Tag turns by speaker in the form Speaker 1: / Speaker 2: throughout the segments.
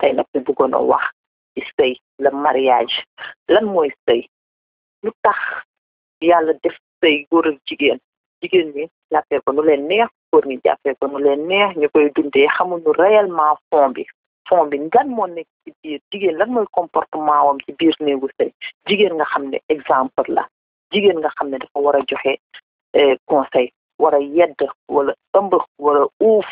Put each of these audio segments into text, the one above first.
Speaker 1: tey nag ñu bëggoon a wax ci sëy le mariage lan mooy sëy lu tax yàlla def sëy góor jigéen jigéen ñi jàppee ko nu leen neex góor ñi jàppee ko leen neex ñu koy dundee xamuñu réellement fond bi fond bi lan moo nekk ci biir jigéen lan mooy comportement wam ci biir néegu sëy jigéen nga xam ne exemple la jigéen nga xam ne dafa war a joxe eh, conseil war yedd wala ëmb wala uuf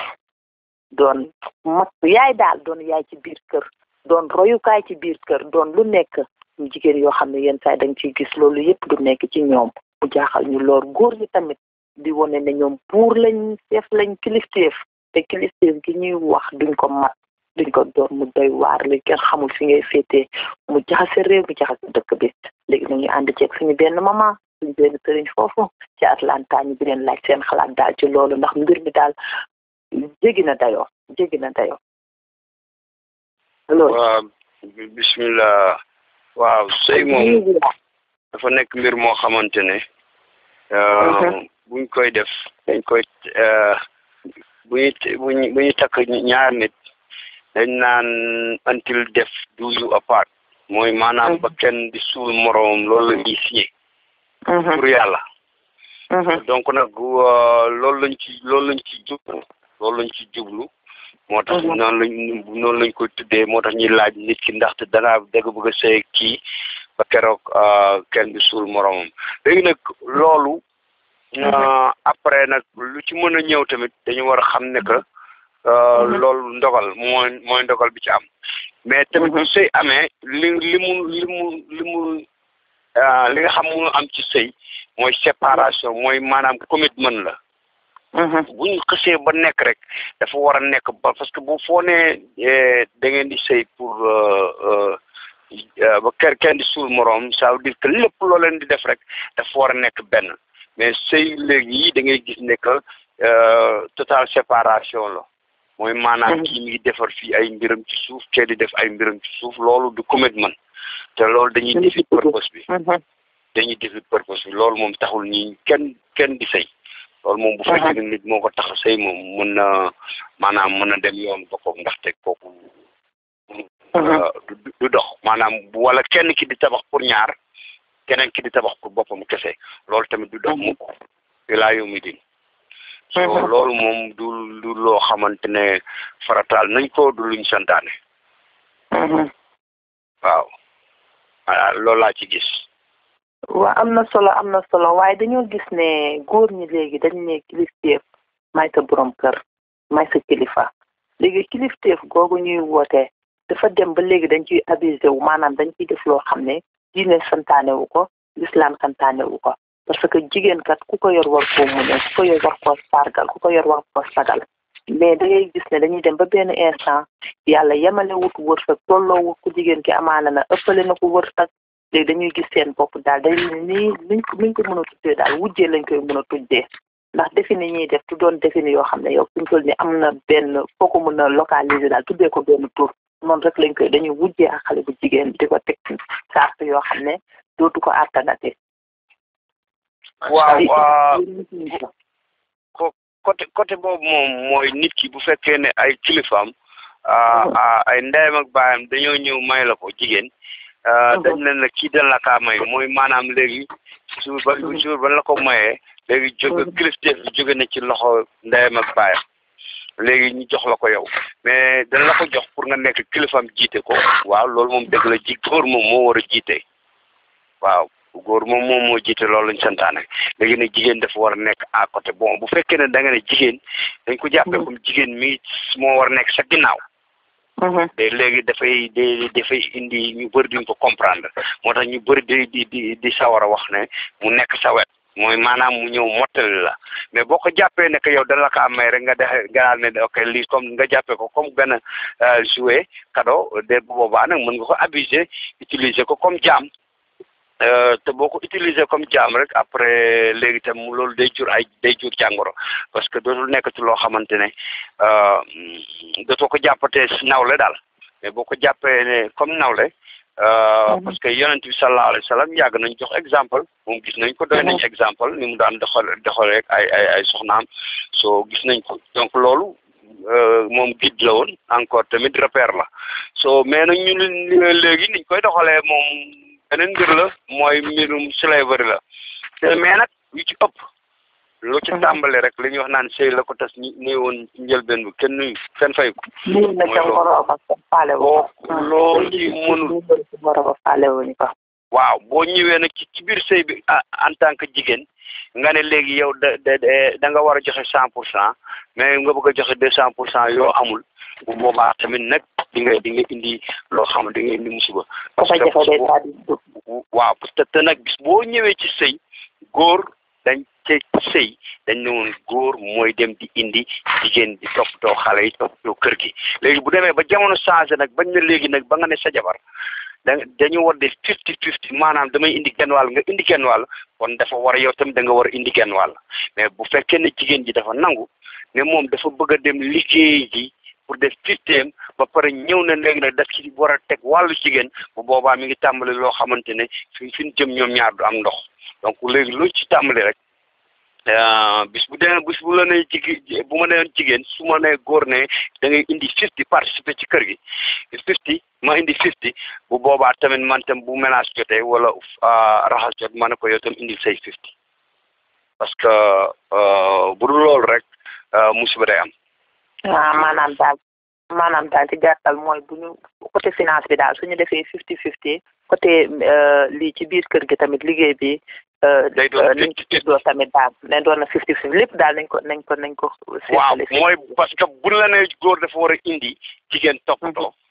Speaker 1: doon mat yaay daal doon yaay ci biir kër doon royukaay ci biir kër doon lu nekk ñu jigéen yoo xam ne yenn saay dañ ciy gis loolu yépp du nekk ci ñoom mu jaaxal ñu loor góor ñi tamit di wone ne ñoom buur lañ chef lañ kilifteef te gi ñuy wax duñ ko mat ko door mu doy waar li kenn xamul fi ngay féetee mu jaxase réew mu jaxase dëkk bi léegi nañu ànd ceeg suñu benn maman suñu benn sëriñ foofu ci Atlanta ñu di leen laaj seen xalaat daal ci loolu ndax mbir mi daal jéggi na dayoo jéggi
Speaker 2: waaw bisimilah. waaw sëy moom dafa nekk mbir moo xamante ne. Uh-huh. Um, buñ koy def dañ koy uh, bu ñuy bu takk ñaar nit dañ naan until death do you apart mooy maanaam uh-huh. ba kenn di suul moroom loolu la ñuy signé uh-huh. nag uh, loolu lañ ci loolu lañ ci jub loolu lañ ci jublu moo tax mhm. noonu lañ noonu lañ koy tuddee moo tax ñuy laaj nit ki ndaxte danaa dëgg bëgg a sëy kii ba keroog euh, kenn du suul moromam léegi nag loolu mhm. euh, après nag lu ci mën a ñëw tamit dañu war a xam ne que euh, mhm. loolu ndogal mooy mooy ndogal bi ci am mais tamit bu sëy amee li li mu li mu li mu li nga xam mënu am ci sëy mooy séparation mooy maanaam commitment la Mm-hmm. bu ñu xësee ba nekk rek dafa war a nekk ba parce que boo foo nee eh, da ngeen di sëy pour euh, euh, euh, ba kër kenn di suul moroom ça veut dire que lépp loo leen di def rek dafa war a nekk benn mais sëy léegi yi da ngay gis ne que total séparation la mooy maanaam mm-hmm. kii mi ngi defar fii ay mbiram ci suuf kee di def ay mbiram ci suuf loolu du commitment te loolu dañuy défi purpose bi mm-hmm. dañuy défi purpose bi loolu moom taxul ñi kenn kenn di sëy lol mom bu fekkee nit moko tax sey mom mën na maanaam mën na dem yoon euh, du dox bu wala kenn ki di tabax pour ñaar kenen ki di tabax pour bopam kese lol tamit du dox mukk ilaa yawmi din so loolu du du lo xamantene faratal nañ ko du luñ santane waaw lol la ci gis
Speaker 1: waa am na solo am na solo waaye dañoo gis ne góor ñi léegi dañ ne kilifteef may sa borom kër may sa kilifa léegi kilifteef googu ñuy woote dafa dem ba léegi dañ ciy abusé wu maanaam dañ ciy def loo xam ne diine santaane wu ko lislaam santaane wu ko parce que jigéen kat ku ko yor war koo muñe ku ko yor war koo sargal ku ko yor war koo sagal mais da gis ne dañuy dem ba benn instant yàlla yemale wut wërsëg tolloo wut ku jigéen ki amaana na ëppale na ko wërsëg léegi dañuy gis seen bopp daal day nii luñ ko luñ ko mën a tuddee daal wujjee lañ koy mën a tuddee ndax défini ñuy def du doon défini yoo xam ne yow fi mu ni am na benn foo ko mën a localiser daal tuddee ko benn tur noonu rek lañ koy dañuy wujjee ak xale bu jigéen di ko teg charte yoo xam ne dootu ko àttanate
Speaker 2: waaw côté côté boobu moom mooy nit ki bu fekkee ne ay kilifaam ah, uh-huh. ah, ay ndeyam ak baayam dañoo ñëw may la ko jigéen Euh, mhm. dañ leen na kii dañ la kaa may mooy maanaam léegi suur ba suur mhm. ba la ko mayee léegi jog kilifteef bi jóge na ci loxo ndeyam ak baayam léegi ñu jox la ko yow mais dañ la ko jox pour nga nekk kilifam jiite ko waaw loolu moom dëgg la ji góor moom moo war a jiite waaw góor moom moom moo jiite loolu lañ santaane léegi nag jigéen dafa war a nekk à côté bon bu fekkee ne da ne jigéen dañ ko jàppee mhm. comme jigéen mii moo war a nekk sa ginnaaw Mm-hmm. te léegi dafay d dafay indi ñu bëri duñ ko comprendre moo tax ñu bëri di di di di sawar a wax ne mu nekk sa wet mooy maanaam mu ñëw mottali la mais boo ko jàppee ne que yow dana la ko am may rek nga dexe ganaal ne ok lii comme nga jàppee ko comme benn euh, jouet kado de bu boobaa nag mën nga ko abuser utiliser ko comme jaam Euh, te boo ko utilisé comme jaam rek après léegi tam loolu day jur ay day jur jàngoro parce que dootul nekkati loo xamante ne euh, dootoo ko jàppatee si nawle daal mais boo ko jàppee ne comme nawle euh, mhm. parce que yonent bi sallallahu alayhi wa yàgg nañ jox exemple moom gis nañ ko doy nañ mhm. exemple ni mu daan doxal doxal rek ay ay ay soxnaam soo gis nañ ko donc loolu moom guide la woon encore tamit repère la soo mais nag ñun léegi niñ koy doxalee moom beneen mbir la mooy mbirum slavery la te mais nag yu ci ëpp lu ci tàmbali rek li ñuy wax naan sëy la ko tas ñi nuy woon njëlbeen bi kenn nuyu kenn fay
Speaker 1: ko loo ci
Speaker 2: waaw boo ñëwee nag ci biir sëy bi ah, en tant que jigéen nga ne léegi yow da da nga war a joxe cent pour cent mais nga bëgg a joxe deux cent pour cent yoo amul bu boobaa tamit nag di nga di nga indi loo xam di nga indi musiba. waaw te te nag bis boo ñëwee ci sëy góor dañ te sëy dañ ne woon góor mooy dem di indi jigéen di toppatoo xale yi toppatoo kër gi léegi bu demee ba jamono changé nag bañ na léegi nag ba nga ne sa jabar da dañu war def fifty fifty maanaam damay indi genn wàll nga indi genn wàll kon dafa war a yow tam danga war a indi genn wàll mais bu fekkee ne jigéen ji dafa nangu ne moom dafa bëgg a dem liggéey ji pour def fifteem ba pare ñëw na léegi nag daf ci war a teg wàllu jigéen bu boobaa mi ngi tàmbali loo xamante ne fi fi jëm ñoom ñaar du am ndox donc léegi lu ci tàmbali rek euh, bis bu demee bis bu la nee jigéen bu ma nee jigéen su ma nee góor ne da ngay indi fifty participer ci kër gi fifty ma indi 50 bu boba tamen man tam bu ménage jotee wala ah, raxas jot ma ko tam say 50 parce que euh, bu dul loolu rek euh, musiba day am
Speaker 1: waaw ah, maanaam daal maanaam daal ci gàttal moy buñu côté finance bi dal suñu defé 50 50 côté euh, li ci biir kër gi tamit liggéey bi day doon tamit daal nañ doon na nengko fifty lépp daal nañ ko nañ ko nañ ko
Speaker 2: waaw mooy parce que bu la dafa indi jigéen toppatoo mhm.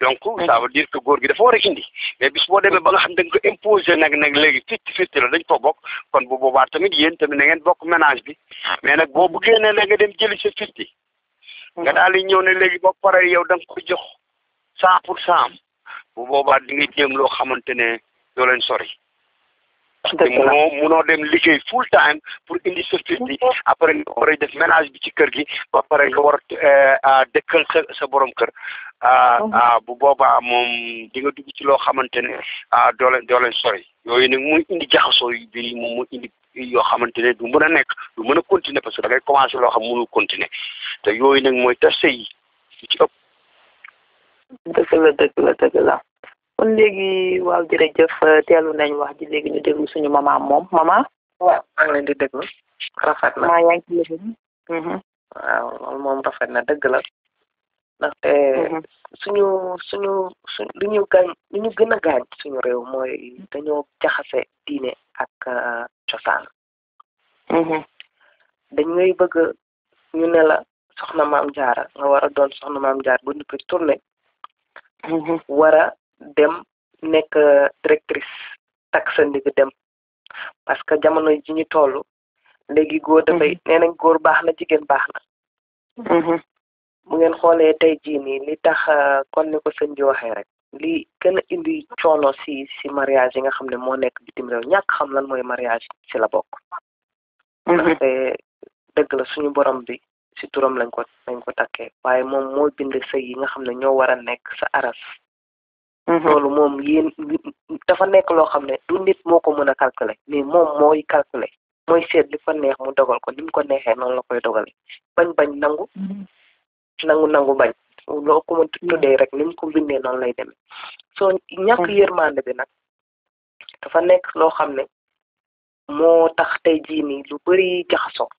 Speaker 2: donc ça veut dire que góor gi dafa war a indi mais bis boo demee ba nga xam da nga ko imposé nag nag léegi fitti fitti la dañ ko bokk kon bu boobaa tamit yéen tamit na ngeen bokk ménage bi mais nag boo buggee ne la nga dem jëli sa fitti nga daal di ñëw ne léegi ba pare yow da nga ko jox cent pour cent bu boobaa di nga jéem loo xamante ne doo leen sori parce que munoo munoo dem liggéey full time pour indi surtout bi mm-hmm. après nga war a def ménage bi ci kër gi ba pare nga war a euh, dëkkal sa sa borom kër. Mm-hmm. bu boobaa moom di nga dugg ci loo xamante ne doo leen doo leen sori yooyu nag muy indi jaxasoo yu bëri moom mu indi yoo xamante ne du mën a nekk du mën a continuer parce que da ngay commencé loo xam mënul continuer te yooyu nag mooy tas sëy yi ci ëpp. dëgg la dëgg
Speaker 1: kon léegi waaw jërëjëf euh, teelu nañ wax ji léegi ñu déglu suñu mama mom mama waaw maa ngi leen di déglu rafet na maa yaa ngi ci mm-hmm. waaw loolu moom rafet na dëgg la ndax ndaxte mm-hmm. suñu suñu su li ñu gaañ li ñu gën a suñu réew mooy dañoo jaxase diine ak euh, cosaan mm-hmm. dañ ngay bëgg ñu ne la soxna maam jaara nga war a doon soxna maam jaar bu ñu nuppi tourné war a dem nekk directrice takk sa ndig dem parce que jamono ji ñu toll léegi góor dafay mhm. nee nañ góor baax na jigéen baax na bu mhm. ngeen xoolee tey jii nii li tax kon euh, ni ko sëñ bi waxee rek li gën a indi coono si si mariage yi nga xam ne moo nekk bitim réew ñàkk xam lan mooy mariage si la bokk mhm. dëgg la suñu borom bi si turam lañ ko lañ ko takkee waaye moom moo bind sa yi nga xam ne ñoo war a nekk sa aras Mm-hmm. loolu moom yéen dafa nekk loo xam ne du nit moo ko mën a calculer mais moom mooy calculer mooy seet li ko neex mu dogal ko ni ko neexee noonu la koy dogale bañ bañ nangu mm-hmm. nangu nangu bañ loo ko mën tuddee rek ni ko bindee noonu lay demee soo ñàkk mm-hmm. yërmande bi nag dafa nekk loo xam ne moo tax tey jii lu bëri jaxasoo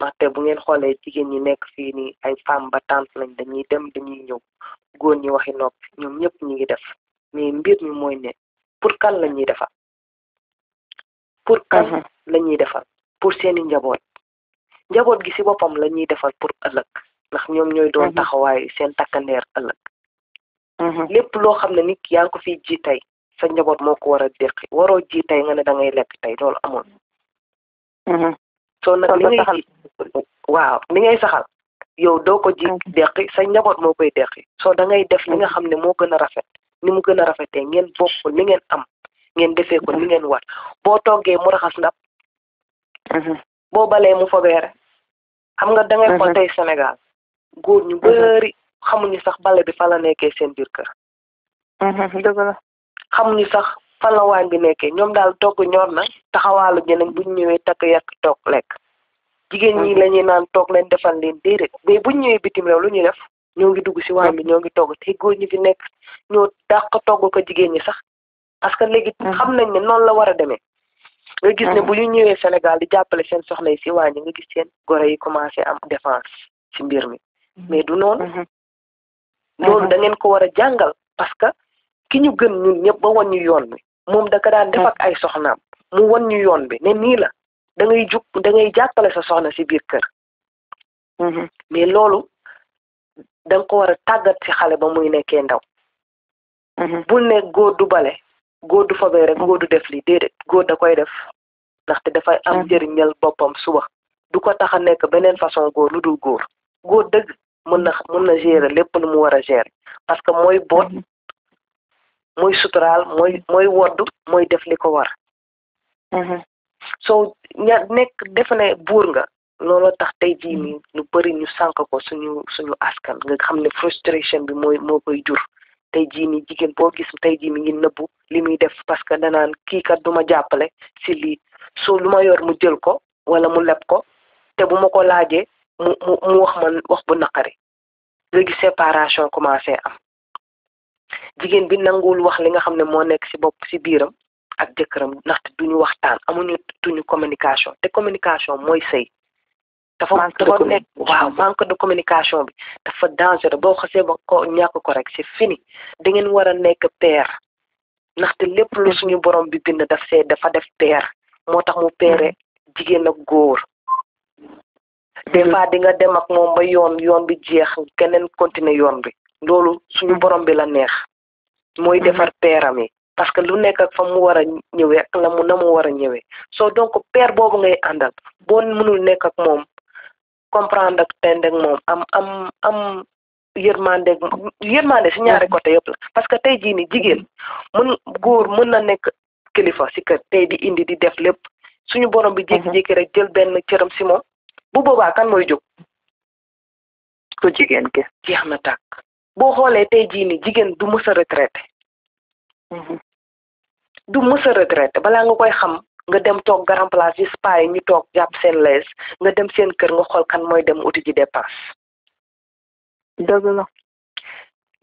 Speaker 1: ndaxte bu ngeen xoolee jigéen ñi nekk fii nii ay femme battante lañ dañuy dem dañuy ñëw góor ñi waxi noppi ñoom ñëpp ñu ngi def mais mbir mi mooy ne pour kan la ñuy defal pour kan mhm. la defal pour seeni njaboot njaboot gi ci boppam la ñuy pour ëllëg ndax ñoom ñooy doon mhm. taxawaay seen takandeer ëllëg mhm. lépp loo xam ne nit yaa ngi ko fiy ji tey sa njaboot moo ko war a déqi waroo ji tey nga ne da ngay lekk tey loolu amul soo nag li ngay waaw li ngay saxal yow doo ko ji deqi sa njaboot moo koy deqi soo da ngay def li nga xam ne moo gën a rafet ni mu gën a rafetee ngeen ko li ngeen am ngeen defee ko ni ngeen war boo toogee mu raxas ndab mhm. boo balee mu fobeere xam nga da ngay xool mhm. tey Sénégal góor ñu mhm. bëri xamuñu sax bale bi fala la nekkee seen biir kër sax fan la waañ bi nekkee ñoom daal togg ñor na taxawaalu ñu bu ñu ñëwee takk yàq toog lekk jigéen ñi mm-hmm. lañuy naan toog leen defal leen déedéet mais buñ ñëwee bitim réew lu ñuy def ñoo ngi dugg si waañ bi ñoo ngi togg te góor ñi fi nekk ñoo dàq togg ko jigéen ñi sax parce que mm-hmm. xam nañ ne noonu la war a demee nga gis mm-hmm. bu ñu ñëwee Sénégal di jàppale seen soxna yi si waañ yi nga gis seen goro yi commencé am défense si mbir mi mais du noonu ko war a jàngal parce que ki ñu gën ñun ñëpp ba wan ñu yoon mi moom da ko daan ay soxnaam mu won ñu yoon bi ne nii la da ngay jug da ngay jàppale sa soxna ci biir kër mm-hmm. mais loolu danga ko war a tàggat ci xale ba muy nekkee ndaw mm-hmm. bu nekk góor du bale góor du fobee rek góor du def li déedéet góor da koy def ndaxte dafay am mm-hmm. njëriñal boppam suba du ko tax a nekk beneen façon góor lu dul góor góor dëgg mën na mën na gérer lépp lu mu war a gérer parce que mooy boot mooy suturaal mooy mooy mooy def li ko war mm-hmm. soo ña nekk defe ne buur nga looloo tax tey jii nii lu bëri ñu sànq ko suñu suñu askan nga xam ne frustration bi mooy moo koy jur tey jii nii jigéen boo gis tey jii mi ngi nëbbu li muy def parce que danaan kii kat du jàppale si lii soo lu ma yor mu jël ko wala mu leb ko te bu ma ko laajee mu mu wax man wax bu naqari léegi séparation commencé am jigéen bi nanguwul wax li nga xam ne moo nekk ci bopp ci biiram ak jëkkëram ndaxte duñu waxtaan amuñu tuñu communication te communication mooy sëy dafa dafa nekk waaw manque de communication dafa dangereux boo xasee ba ko ñàkk ko rek c'est fini da ngeen war a nekk peer ndaxte lépp lu suñu borom bi bind daf see dafa def peer moo tax mu peere hmm. jigéen ak góor hmm. des fois di nga dem ak moom ba yoon yoon bi jeex keneen continuer yoon bi loolu suñu borom bi la neex mooy mm-hmm. defar peeram yi parce que lu nekk ak fa mu war a ñëwee la mu na mu war a ñëwee soo donc peer boobu may àndal bo mënul nekk ak moom comprendre ak tend ak moom am am am yërmande yërmande si ñaari côté yëpp la parce que tey jii ni jigéen mën góor mën na nekk kilifa si kër tey di indi di def lépp suñu borom bi mm-hmm. jékki-jékki rek jël benn cëram si bu boobaa kan mooy jóg ku jigéen ke jeex na tàkk boo xoolee tey jii nii jigéen du mës retraité mm-hmm. du mës a retraité nga koy xam nga dem toog grand place yi spa yi ñu toog jàpp seen lees nga dem seen kër nga xool kan mooy dem uti ji dépense. dëgg la.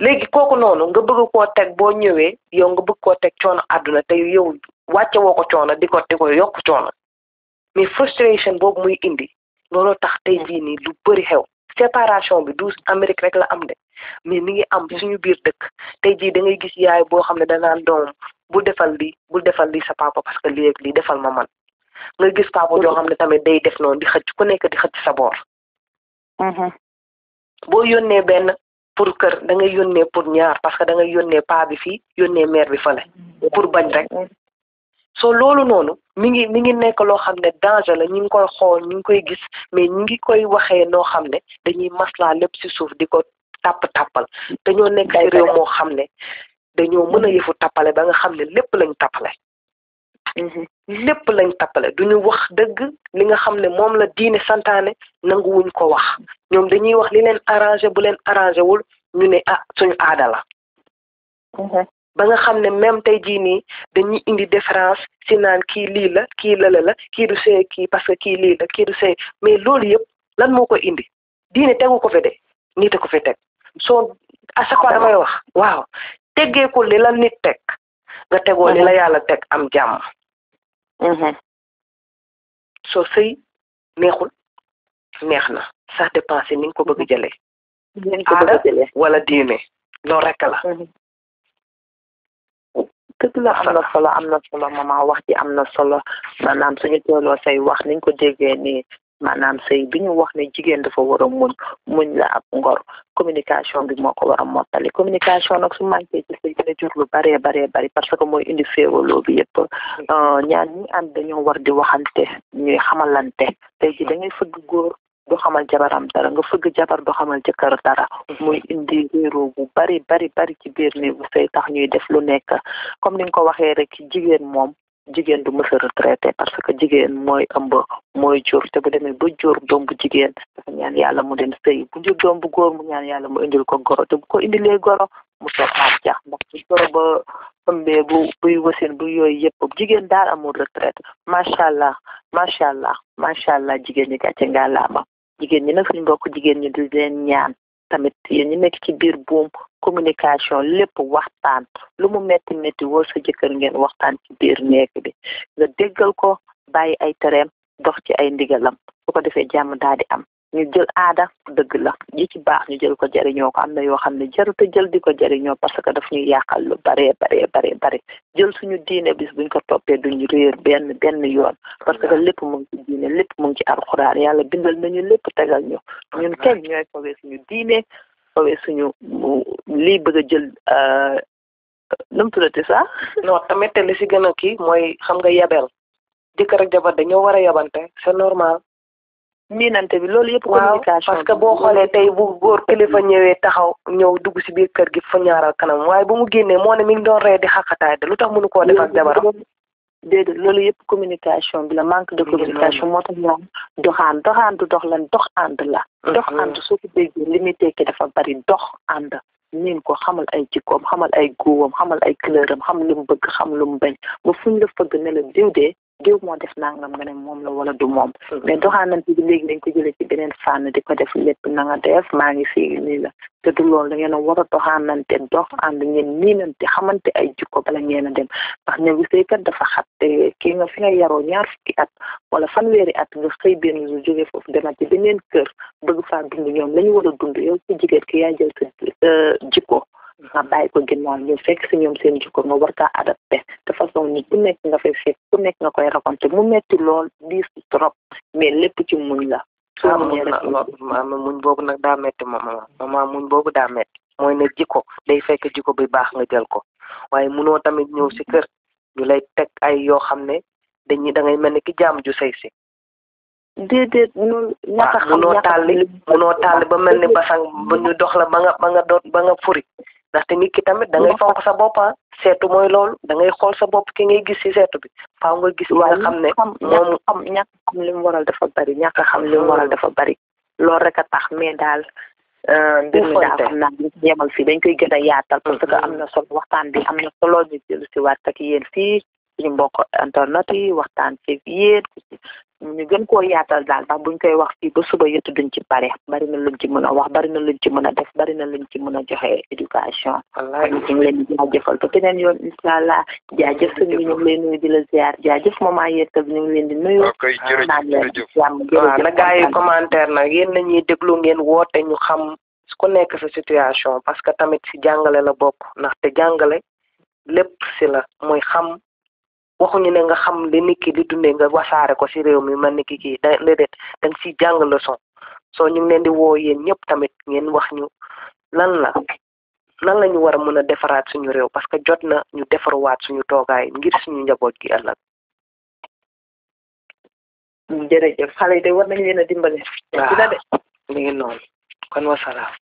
Speaker 1: léegi kooku noonu nga bëgg koo teg boo ñëwee yow nga bëgg koo teg coono àdduna te yow wàcce woo ko coono di ko di ko yokk coono mais frustration boobu muy indi looloo tax tey jii nii lu bari xew séparation bi du Amérique rek la am de. mais mi ngi am suñu biir dëkk tey jii dangay gis yaay boo xam ne danaan doom bu defal li bu defal li sa papa parce que léegi li defal ma man nga gis papa joo xam ne tamit day def noonu di xëcc ku nekk di xëcc sa boor mm-hmm. boo yónnee benn pour kër da ngay yónnee pour ñaar parce que da ngay yónnee paa bi fii yónnee mère bi fale pour bañ rek soo loolu noonu mi ngi mi ngi nekk loo xam ne danger la ñi ngi koy xool ñu ngi koy gis mais ñu ngi koy waxe noo xam ne dañuy maslaa ci suuf di tàpp tàppal dañoo nekk ay réew moo xam ne dañoo mën a yëfu tappale ba nga xam ne lépp lañ tappale mhm. lépp lañ tappale duñu wax dëgg li nga xam ne moom la diine santaane nanguwuñ ko wax ñoom dañuy wax ni leen arrangé bu leen arrangé wul ñu ne ah suñu aada la mhm. ba nga xam ne même tey jii nii dañuy indi différence si naan kii lii la kii lala la kii du kii parce que kii lii la kii du see mais loolu yëpp lan moo ko indi diine tegu ko fi nit a ko fi teg soo à chaque fois damay wax waaw teggeeku li la nit teg nga tegoo li la mhm. yàlla teg am jàmm mhm. soo sëy neexul neex na sax dépensé ni nga ko bëgg jëlee aada wala diine loolu rekk la mhm. dëgg la am na solo am na solo maman wax am na solo maanaam suñu teeloo say wax niñ ko déggee nii maanaam sëy bi ñu wax ne jigéen dafa war a muñ muñ la ab ngor communication bi moo ko war a mottali communication nag su manqué ci jur lu baree baree bari parce que mooy indi féewaloo bi yëpp euh, ñaan ñi ànd dañoo war di waxante ñuy xamalante tey ji da ngay fëgg góor du xamal jabaram dara nga fëgg jabar du xamal jëkkër dara muy indi réeroo bu bari bari bari ci biir néegu sëy tax ñuy def lu nekk comme ni nga ko waxee rek jigéen moom jigen du mësa retraité parce que jigen moy ëmb moy jur té bu démé ba jur doom bu jigéen dafa ñaan yalla mu dem sey bu jur doom bu góor mu ñaan yalla mu indil ko goro té bu ko indi lé goro mu toog àjja ndax ci goro ba ëmbé bu buy wasin bu yoy yépp jigen daal amul retraité machallah machallah machallah jigen macha allah ñi gàcce nga laama jigen ñi na suñu bokk jigen ñi du leen ñaan tamit yeen ñi nekk ci biir buum communication lépp waxtaan lu mu metti metti woo sa jëkkër ngeen waxtaan ci biir nekk bi nga déggal ko bàyyi ay tereem ndox ci ay ndigalam su ko defee jàmm daal di am ñu jël aada dëgg la ji ci baax ñu jël ko jariñoo ko am na yoo xam ne jarut a jël di ko jariñoo parce que daf ñuy yàqal lu baree baree baree bare jël suñu diine bis buñ ko toppee duñu réer benn benn yoon parce que lépp mu ngi ci diine lépp mu ngi ci alxuraan yàlla bindal nañu lépp tegal ñu ñun kenn ñooy fawee suñu diine fawee suñu lii bëgg a jël euh, nu mu tuddati sax. non tamit li si gën a kii mooy xam nga yabel jëkkër ak jabar dañoo war a yabante c'est normal. bi loolu yëpp. communication que boo tey bu góor kilifa ñëwee taxaw ñëw dugg si biir kër gi fa ñaaral kanam waaye bu mu génnee moo ne mi ngi doon di xaqataay lu tax mënu koo loolu yëpp communication bi la manque de communication moo tax ñoom doxaan doxaan du dox lan dox ànd la.
Speaker 2: Mm-hmm. dox ànd
Speaker 1: soo ko déggee li niin ko xamal ay jikkoom xamal ay góowam xamal ay couleuram xam lu mu bëgg xam lu mu bañ ba fuñ la fëgg ne la diw diw moo def nangam nga ne moom la wala du moom mm-hmm. mais doxaanante bi léegi dañ ko jëlee ci beneen fànn di ko def lépp na nga def maa ngi fii la te du loolu da ngeen a a doxaanante dox ànd ngeen ay jikko bala ngeen a dem ndax néegu sëykat dafa xat te fi nga yaroo ñaar fukki at wala fanweeri at nga xëy benn su jógee foofu ci beneen kër bëgg faa dund ñoom la ñu a dund yow ci jigéen ki yaa jël sa euh, nga bàyyi ko ginnaaw ñu fekk si ñoom seen jikko nga war kaa adapté te façon nit ku nekk nga fay fekk ku nekk nga koy raconté mu metti lool diis trop mais lépp ci muñ la ah, mama muñ boobu nag daa metti mama mama muñ boobu daa metti mooy ne jikko day fekk jikko bi baax nga jël ko waaye munoo tamit ñëw si kër ñu lay teg ay yoo xam ne dañuy da ngay mel ni ki jaam ju sey si déedéet noonu ñaka xam munoo tàlli ba mel ni basang ba ñu dox la ba nga ba nga doot ba nga furi ndaxte nit ki tamit da ngay mm-hmm. fonk sa bopp ah seetu mooy lool da ngay xool sa bopp ki ngay gis si seetu bi faaw nga gis li xam ne am moom xam ñàkk xam li mu waral dafa bari ñàkk xam li mu dafa bari loolu rek a tax mais daal euh, mbir mi daal xam naa dañ fii dañ koy gën a yaatal parce que mm-hmm. am na solo waxtaan bi am na solo ñu jël si ak yéen fii suñu mbokk internet waxtaan ci yéen ñu gën koo yaatal daal ndax buñ koy wax fii ba suba yëtu duñ ci pare bari na luñ ci mën a wax bari na luñ ci mën a def bari na luñ ci mën a joxe éducation wallaahi ñu ngi leen di jaajëfal ba beneen yoon incha allah jaajëf sëñ bi ñu ngi lay nuyu di la ziar jaajëf maman Yettal ñu ngi leen di nuyu naan leen jàmm jërëjëf na gars yi commentaire nag yéen la ñuy déglu ngeen woote ñu xam ku nekk sa situation parce que tamit si jàngale la bokk ndaxte jàngale lépp si la muy xam waxu waxuñu ne nga xam le nit ki di dundee nga wasaare ko ci réew mi man ni ki kii da déedéet da nga siy jàng leçon soo ñu ngi leen di woo yéen ñëpp tamit ngeen wax ñu lan la lan la ñu war a mën a defaraat suñu réew parce que jot na ñu defarwaat suñu toogaay ngir suñu njaboot gi ëllëg. jërëjëf xale yi de war nañ leen a dimbale. waaw dina de mi ngi noonu kon wasalaam.